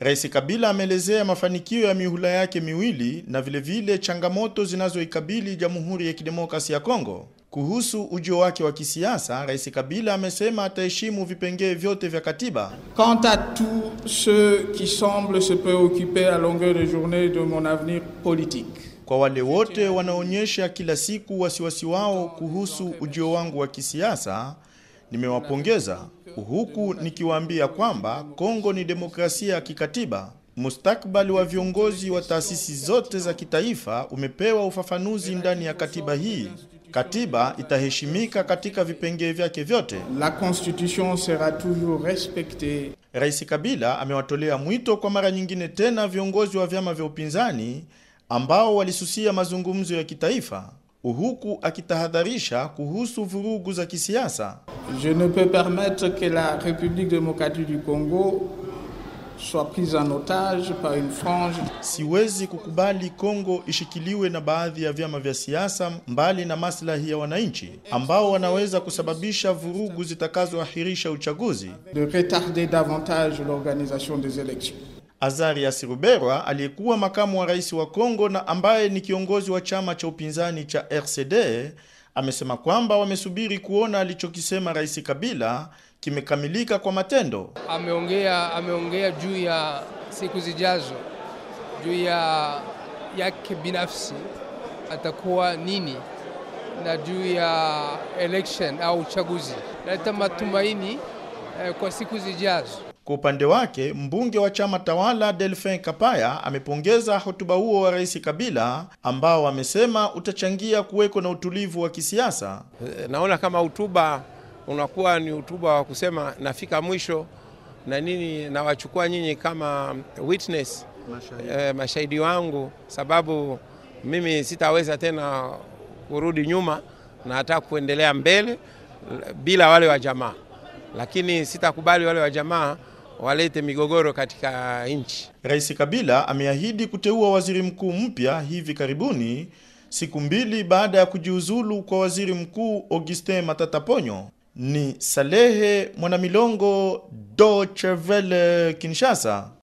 Rais Kabila ameelezea mafanikio ya mihula yake miwili na vilevile vile changamoto zinazoikabili Jamhuri ya Kidemokrasia ya Kongo. Kuhusu ujio wake wa kisiasa, Rais Kabila amesema ataheshimu vipengee vyote vya katiba. Quant à tous ceux qui semblent se préoccuper à longueur de journée de mon avenir politique. Kwa wale wote wanaonyesha kila siku wasiwasi wao kuhusu ujio wangu wa kisiasa, nimewapongeza huku nikiwaambia kwamba Kongo ni demokrasia ya kikatiba. Mustakbali wa viongozi wa taasisi zote za kitaifa umepewa ufafanuzi ndani ya katiba hii. Katiba itaheshimika katika vipengee vyake vyote. La constitution sera toujours respectee. Rais Kabila amewatolea mwito kwa mara nyingine tena viongozi wa vyama vya upinzani ambao walisusia mazungumzo ya kitaifa, huku akitahadharisha kuhusu vurugu za kisiasa je ne peux permettre que la République démocratique du Congo soit prise en otage par une frange. Siwezi kukubali Kongo ishikiliwe na baadhi ya vyama vya siasa mbali na maslahi ya wananchi ambao wanaweza kusababisha vurugu zitakazoahirisha uchaguzi. De retarder davantage l'organisation des élections. Azari Asiruberwa aliyekuwa makamu wa rais wa Kongo na ambaye ni kiongozi wa chama cha upinzani cha RCD amesema kwamba wamesubiri kuona alichokisema Rais Kabila kimekamilika kwa matendo. Ameongea, ameongea juu ya siku zijazo, juu ya yake binafsi atakuwa nini na juu ya election au uchaguzi. Naleta matumaini eh, kwa siku zijazo. Kwa upande wake mbunge wa chama tawala Delphin Kapaya amepongeza hotuba huo wa Rais Kabila ambao amesema utachangia kuweko na utulivu wa kisiasa. Eh, naona kama hotuba unakuwa ni hotuba wa kusema nafika mwisho na nini, nawachukua nyinyi kama witness mashahidi, eh, mashahidi wangu, sababu mimi sitaweza tena kurudi nyuma na hata kuendelea mbele bila wale wa jamaa, lakini sitakubali wale wa jamaa walete migogoro katika nchi. Rais Kabila ameahidi kuteua waziri mkuu mpya hivi karibuni, siku mbili baada ya kujiuzulu kwa waziri mkuu Augustin Matata Ponyo. Ni Salehe Mwanamilongo, Dochevele, Kinshasa.